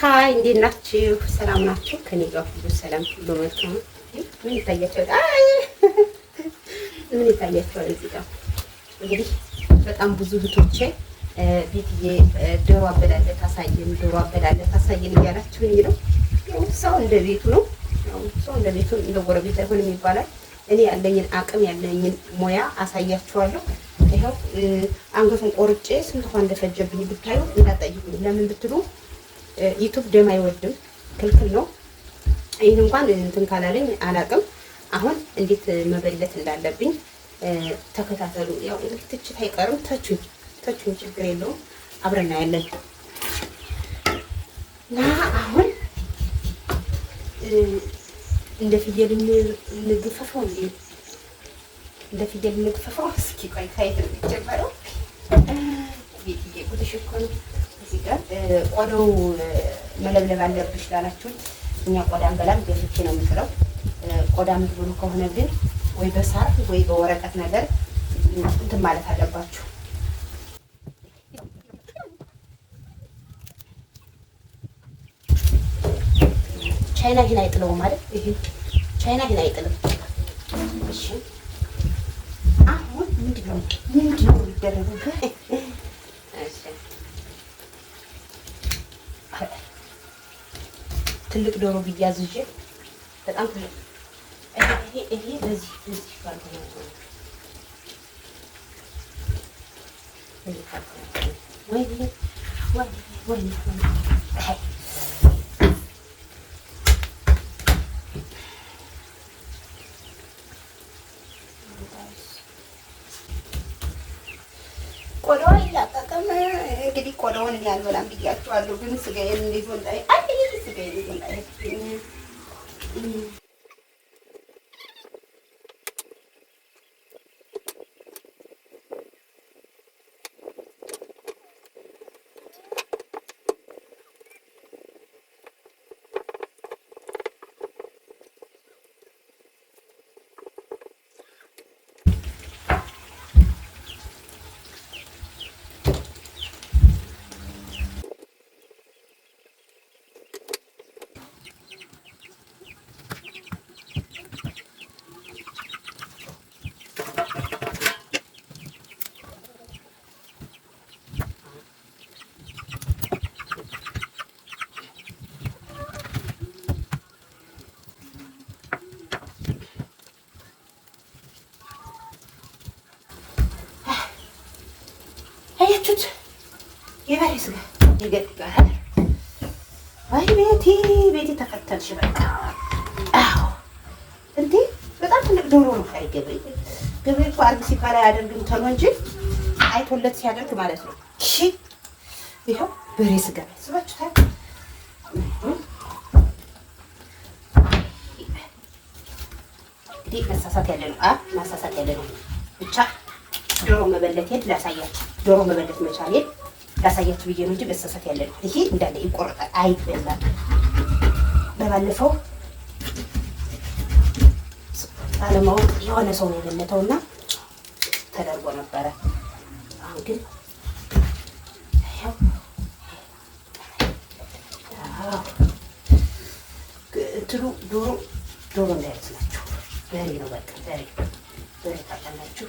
ሀይ እንዴት ናችሁ? ሰላም ናችሁ? ከኔ ጋር ሁሉ ሰላም ሁሉ መልካም። ምን ይታያችኋል? አይ ምን ይታያችኋል? እዚህ ጋር እንግዲህ በጣም ብዙ እህቶቼ ቤትዬ ዶሮ አበላለት አሳየን፣ ዶሮ አበላለት አሳየን እያላችሁኝ ነው። ሰው እንደ ቤቱ ነው። ሰው እንደ ቤቱ እንደ ጎረቤት አይሆንም ይባላል። እኔ ያለኝን አቅም ያለኝን ሙያ አሳያችኋለሁ። ይኸው አንገቱን ቆርጬ ስንት ውሃ እንደፈጀብኝ ብታዩ እንዳጠይቁኝ። ለምን ብትሉ ዩቱብ ደም አይወድም፣ ክልክል ነው። ይህን እንኳን እንትን ካላለኝ አላቅም። አሁን እንዴት መበለት እንዳለብኝ ተከታተሉ። ያው እንግዲህ ትችት አይቀርም። ተቹኝ ተቹኝ፣ ችግር የለውም። አብረና ያለን እና አሁን እንደ ፍየል እንግፈፈው እንዴ! እንደ ፍየል እንግፈፈው። እስኪ ቆይ ከየት ነው የሚጀመረው? ቤትዬ ጉድሽ እኮ ነው። እዚህ ቆዳው መለብለብ አለብሽ ላላችሁን እኛ ቆዳን አንበላም፣ ገዝቼ ነው የምጥለው። ቆዳ ምትብሉ ከሆነ ግን ወይ በሳር ወይ በወረቀት ነገር እንትን ማለት አለባችሁ። ቻይና ግን አይጥለውም ማለት ይሄ ቻይና ግን አይጥልም። እሺ አሁን ምንድነው ምንድነው የሚደረገው? ትልቅ ዶሮ ብያዝ ይዤ በጣም ትልቅ ይሄ ይሄ ለዚህ ለዚህ ባርኩ ነው ወይ ወይ ወይ ወይ ቆዳዋ ይላቀቅም። እንግዲህ ቆዳውን እኔ አልበላም ብያቸዋለሁ፣ ግን ስጋዬን እንዲዞ እንዳይ አንድ ስጋዬን እንዲዞ እንዳይ አያችሁት? የበሬ ስጋ ይገጥጋል። አይ ቤቴ ቤቴ ተከተልሽ በቃ አዎ፣ እንዴ በጣም ትልቅ ዶሮ ነው። አይ ገብሬ ገብሬ እኮ አርግ ሲባል አያደርግም ተሎ እንጂ አይቶለት ሲያደርግ ማለት ነው። እሺ ይኸው በሬ ስጋ ስባችሁታል። እንግዲህ መሳሳት ያለ ነው፣ ማሳሳት ያለ ነው ብቻ ዶሮ መበለት ሄድ ላሳያችሁ፣ ዶሮ መበለት መቻል ሄድ ላሳያችሁ ብዬ ነው እንጂ መሰሰት ያለ ነው። ይሄ እንዳለ ይቆረጣል፣ አይበላም። በባለፈው አለማወቅ የሆነ ሰው ነው የበለተውና ተደርጎ ነበረ። አሁን ግን እንትኑ ዶሮ ዶሮ እንዳያት ናቸው። በሬ ነው በቃ በሬ በሬ ታውቃላችሁ።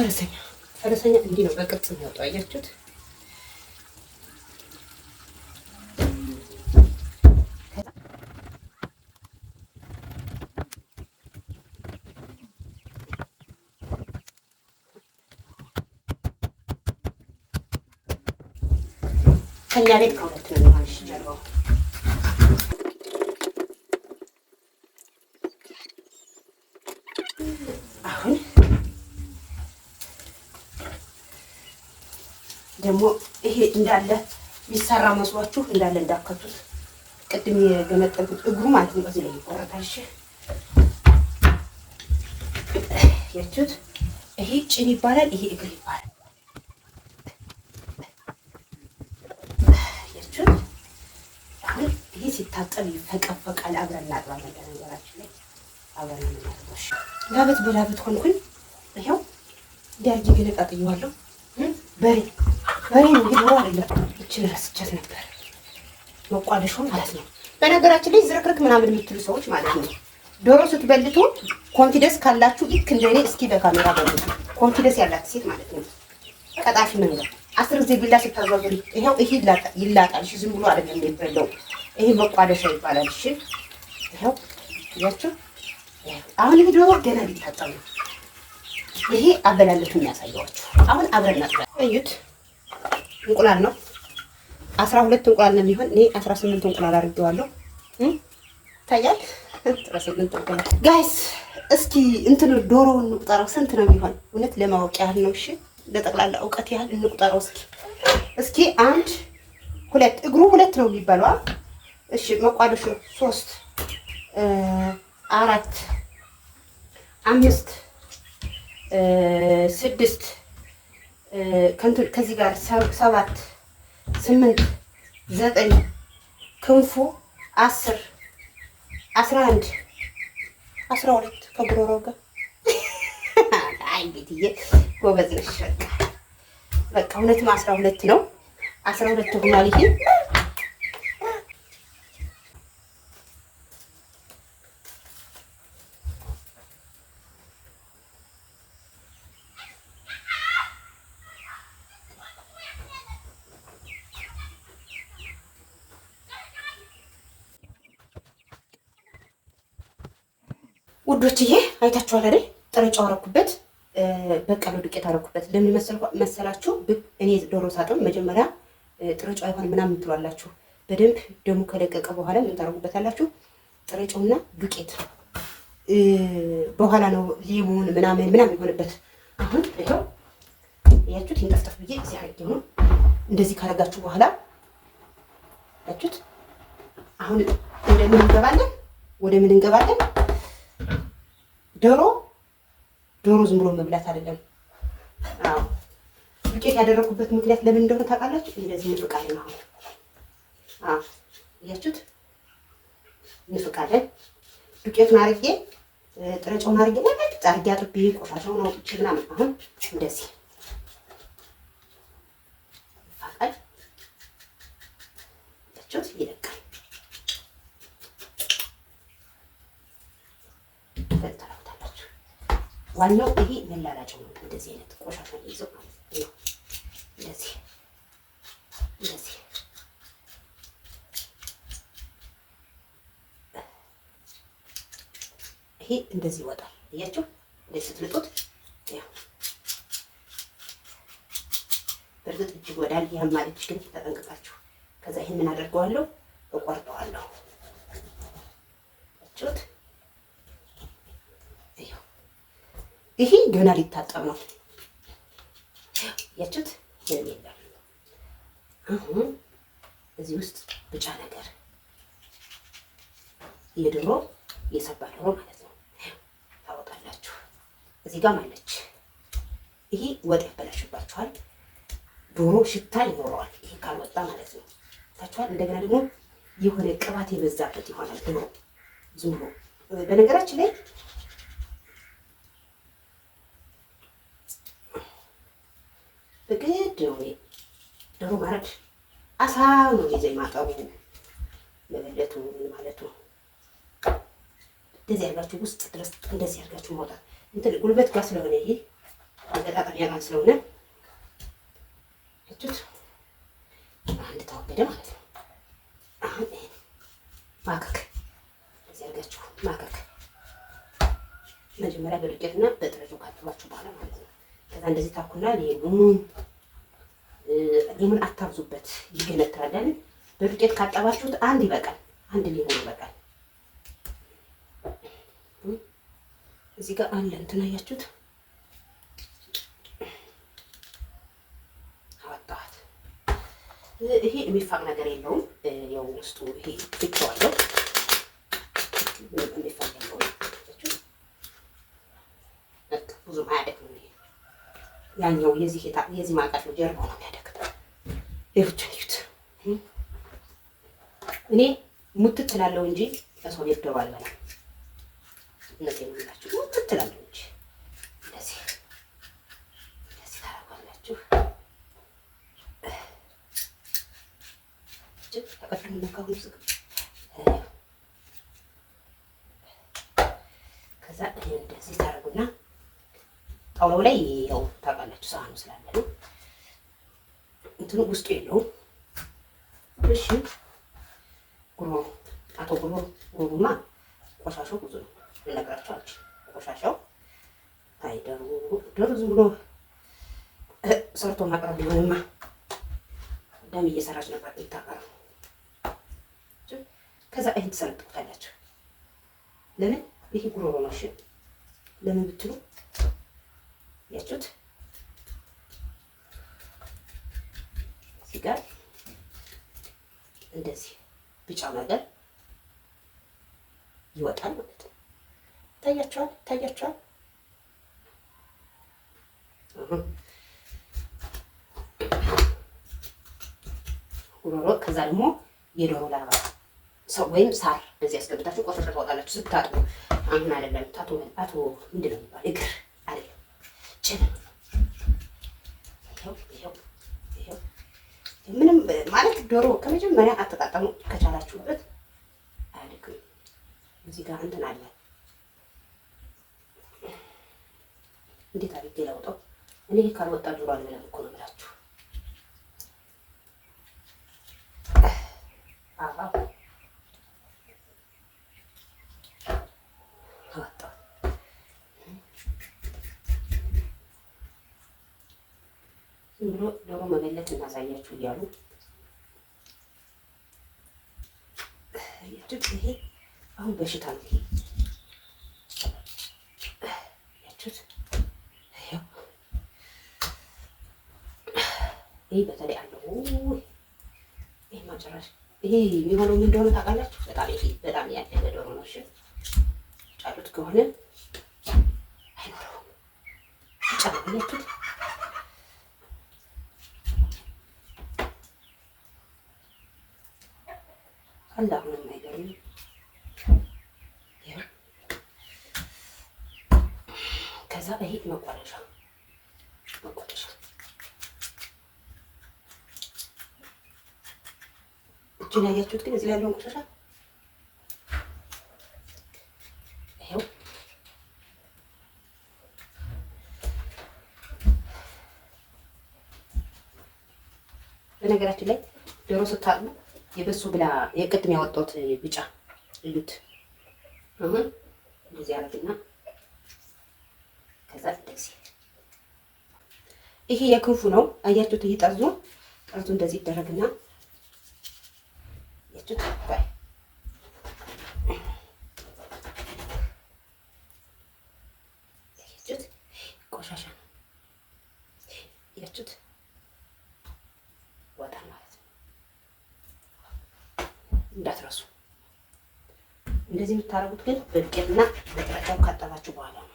ፈረሰኛ ፈረሰኛ እንዲህ ነው በቅርጽ የሚወጣው። አያችሁት? ከኛ ቤት ከሁለት ነው እንዴት እንዳለ የሚሰራ መስሏችሁ እንዳለ እንዳከቱት ቅድም የገመጠልኩት እግሩ ማለት ነው። በዚህ ላይ ይቆረጣል። የቱት ይሄ ጭን ይባላል። ይሄ እግር ይባላል። ያችሁት አሁን ይሄ ሲታጠብ ይፈቀፈቃል። አብረን እናጥባለን። በነገራችን ላይ አብረን እናጥባሽ ላበት በላበት ሆንኩኝ። ይኸው ዲያርጊ ግን ገለጣጥየዋለሁ በሬ በሬ እንግዲህ ኖሮ አይደለም ረስቻት ነበር ማለት ነው። በነገራችን ላይ ዝርክርክ ምናምን የምትሉ ሰዎች ማለት ነው ዶሮ ስትበልቱ ኮንፊደንስ ካላችሁ ልክ እንደኔ እስኪ በካሜራ ኮንፊደንስ ያላት ሴት ማለት ነው። ቀጣፊ መንገድ አስር ጊዜ ቢላ ይኸው ይሄ ይላጣል። እሺ ዝም ብሎ አይደለም የሚበላው። ይሄ መቋደሻ ይባላል። እሺ ይኸው አሁን ይሄ ዶሮ ገና ነው። ይሄ አበላለቱ የሚያሳየዋችሁ አሁን አብረን እዩት እንቁላል ነው። አስራ ሁለት እንቁላል ነው የሚሆን። እኔ አስራ ስምንት እንቁላል አድርጌዋለሁ። ይታያል። አስራ ስምንት እንቁላል ጋይስ። እስኪ እንትን ዶሮውን እንቁጠረው ስንት ነው የሚሆን? እውነት ለማወቅ ያህል ነው። እሺ ለጠቅላላ እውቀት ያህል እንቁጠረው እስኪ እስኪ አንድ ሁለት እግሩ ሁለት ነው የሚባለው። እሺ መቋደሹ ሶስት አራት አምስት ስድስት ከንቱን ከዚህ ጋር ሰባት ስምንት ዘጠኝ ክንፉ አስር አስራ አንድ አስራ ሁለት ከጉሮሮ ጋር አይ ጎበዝ ነሽ። በቃ በቃ እውነትም አስራ ሁለት ነው። አስራ ሁለት ሆኗል ይሄ ይሄ አይታችኋል አይደል? ጥሬ አረኩበት፣ አደረኩበት፣ በቀሎ ዱቄት አረኩበት። ለምን መሰላችሁ? እኔ ዶሮ ሳጥም መጀመሪያ ጥሬ አይሆን ምናምን ትሏላችሁ። በደንብ ደሙ ከለቀቀ በኋላ ምን ታደርጉበታላችሁ? ጥረጫውና ዱቄት በኋላ ነው ሊሙን ምናምን ምናምን የሆነበት። አሁን ይኸው እያችሁት ይንጠፍጠፍ ብዬ እዚህ አድርጌ ነው። እንደዚህ ካረጋችሁ በኋላ ያችሁት አሁን ወደ ምን እንገባለን? ወደ ምን እንገባለን? ዶሮ ዶሮ ዝም ብሎ መብላት አይደለም። አዎ ዱቄት ያደረኩበት ምክንያት ለምን እንደሆነ ታውቃላችሁ? እንደዚህ እንፍቃለን። አሁን አዎ እያችሁት እንፍቃለን። ዱቄቱን አርጌ ጥረጫውን አርጌ ወላጅ አርጌ አጥቤ ቆሻሻውን አውጥቼ ምናምን አሁን እንደዚህ ይፋቃል። እያችሁት ይላል ዋናው ይሄ መላላጫው ነው። እንደዚህ አይነት ቆሻሻ ይዞ እንደዚህ እንደዚህ ይሄ እንደዚህ ይወጣል። እያቸው እንደዚህ ስትልጡት በእርግጥ እጅግ ወዳል። ይህም ማለት ግን ተጠንቅቃችሁ ከዛ ይህን ምን አደርገዋለሁ እቆርጠዋለሁ ት ይሄ ገና ሊታጠብ ነው። ያችሁት ምንም የለም። አሁን እዚህ ውስጥ ብጫ ነገር የዶሮ የሰባ ዶሮ ማለት ነው ታወጣላችሁ። እዚህ ጋር ማለች ይሄ ወጥ ያበላሽባችኋል። ዶሮ ሽታ ይኖረዋል። ይሄ ካልወጣ ማለት ነው ታችኋል። እንደገና ደግሞ የሆነ ቅባት የበዛበት ይሆናል ዝም ብሎ በነገራችን ላይ አጠቡ ማለት አሳ ነው ጊዜ ማጠቡ መበለቱ ማለት ነው። እንደዚህ አድርጋችሁ ውስጥ ድረስ እንደዚህ አድርጋችሁ ማውጣት እንትን ጉልበት ጋር ስለሆነ ይሄ መገጣጠሚያ ጋር ስለሆነ እቱት አንድ ተወገደ ማለት ነው። አሁን ይሄን ማከክ እዚህ አድርጋችሁ ማከክ መጀመሪያ በዱቄትና በጥረቱ ካጠባችሁ በኋላ ማለት ነው። ከዛ እንደዚህ ታኩላል ይሄ ለሙን ሊሙን አታብዙበት፣ ይገነትራለን። በዱቄት ካጠባችሁት አንድ ይበቃል፣ አንድ ሊሙን ይበቃል። እዚህ ጋር አለ እንትን አያችሁት፣ አወጣኋት። ይሄ የሚፋቅ ነገር የለውም። ያው ውስጡ ይሄ ፍቸዋለሁ የሚፋቅ የለውም። ያኛው የዚህ ማቀፍ ነው፣ ነው የሚያደ ቤቶችን እዩት። እኔ ሙትት እላለሁ እንጂ ለሰው ቤት ደባለሁ። እነዚህ የምላችሁ ሙትት እላለሁ እንጂ እንደዚህ እንደዚህ ታደርጓላችሁ። ተቀድምና ካሁኑ ስግ ከዛ እንደዚህ ታደርጉና ጣውላው ላይ እንትኑ ውስጡ የለውም። እሺ ጉሮሮ አቶ ጉሮሮ ጉሮሮማ ቆሻሻው ብዙ ነው። ልነግራቸዋለች ቆሻሻው አይደሩ ደሩ ዝም ብሎ ሰርቶ ማቅረብ ቢሆንማ ደም እየሰራች ነበር የምታቀርበው። ከዛ ይህን ትሰነጥቁታላችሁ። ለምን ይህ ጉሮሮ ነው? እሺ ለምን ብትሉ ያችሁት እዚህ ጋር እንደዚህ ቢጫው ነገር ይወጣል ማለት ነው። ይታያቸዋል ይታያቸዋል። ጉሮሮ ከዛ ደግሞ የዶሮ ላባ ሰው ወይም ሳር በዚህ ያስገብታችሁ ቆጥር ታወጣላችሁ። ስታጡ አሁን አይደለም ታቶ አቶ ምንድን ነው የሚባል እግር አይደለም ጭን ማለት ዶሮ ከመጀመሪያ አጠቃቀሙ ከቻላችሁበት አያድግም። እዚህ ጋር እንትን አለ። እንዴት አድርጌ ለውጠው እኔ ካልወጣ ዶሮ አልበላም እኮ ነው ብላችሁ ዶሮ መበለት እናሳያችሁ እያሉ አሁን በሽታ ነው። ይህ በተለይ አለው ይህ ማጨራሽ ይሄ የሚሆነው ምን እንደሆነ ታውቃላችሁ? በጣም ይሄ በጣም ያለ ዶሮ ነው። እሺ ጫሉት ከሆነ ያያችሁት ግን እዚህ ያለውን ቆሻሻ ይሄው በነገራችን ላይ ዶሮ ስታጥቡ የበሱ ብላ የቅድም ያወጣሁት ብጫ እዩት። አሁን እንደዚህ አረግና ከዛ ይሄ የክንፉ ነው። አያችሁት? ይሄ ጠርዙ ጠርዙ እንደዚህ ይደረግና እንዳትረሱ። እንደዚህ የምታደርጉት ግን በቂና መጥረጊያው ካጠባችሁ በኋላ ነው።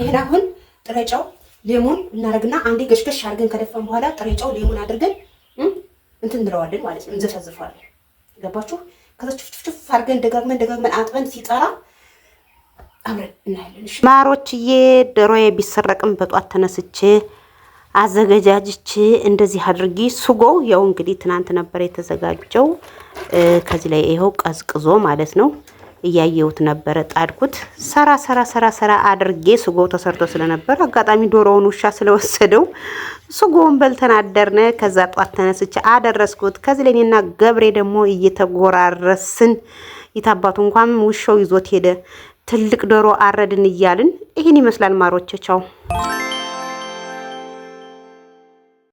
ይሄን አሁን ጥሬ ጨው ሌሞን እናደርግና አንዴ ገሽገሽ አድርገን ከደፋን በኋላ ጥሬ ጨው ሌሞን አድርገን እንትን እንለዋለን ማለት ነው፣ እንዘፈዝፈዋለን። ገባችሁ? ከዛ ችፍችፍ አድርገን ደጋግመን ደጋግመን አጥበን ሲጠራ አብረን እናያለን። እሺ ማሮችዬ፣ ዶሮዬ ቢሰረቅም በጧት ተነስቼ አዘገጃጅቼ እንደዚህ አድርጊ። ስጎው ያው እንግዲህ ትናንት ነበር የተዘጋጀው። ከዚህ ላይ ይኸው ቀዝቅዞ ማለት ነው እያየሁት ነበረ። ጣድኩት ሰራ ሰራ ሰራ ሰራ አድርጌ ስጎ ተሰርቶ ስለነበረ አጋጣሚ ዶሮውን ውሻ ስለወሰደው ስጎውን በልተን አደርነ። ከዛ ጧት ተነስቼ አደረስኩት። ከዚህ ለኔና ገብሬ ደግሞ እየተጎራረስን የታባቱ እንኳን ውሻው ይዞት ሄደ። ትልቅ ዶሮ አረድን እያልን ይህን ይመስላል ማሮቼ ቻው።